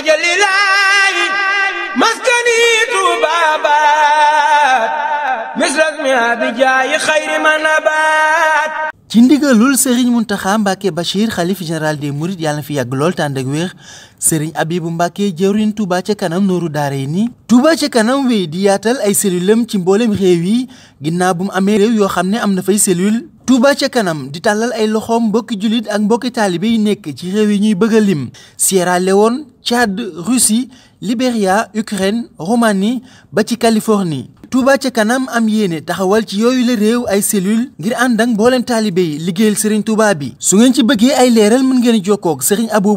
ajalilaahi maskani tubaabaat misrasmi abijaayi xayri manabaat ci ndigalul Serigne Mountakha Mbacké Bachir xalif général des Mourides yàlla na fi yàgg lool tànd ak wér sëriñ Abibu Mbàkke jëwriñ Touba ca kanam nooru daara yi ni Touba ca kanam wéy di yaatal ay cellulam ci mboolem réew yi ginnaaw bu mu amee réew yoo xam ne am na fay cellule Touba ca kanam di tàllal ay loxoom mbokki jullit ak mbokki taalibe yi nekk ci réew yi ñuy bëgg a lim Sierra Leone Tchad Russie Libéria Ukraine Roumanie ba ci Californie Touba ca kanam am yéene taxawal ci yooyu la réew ay cellule ngir ànd ak mboolem taalibe yi liggéeyal sëriñ Touba bi su ngeen ci bëggee ay leeral mën ngeen jokkook sëriñ Abou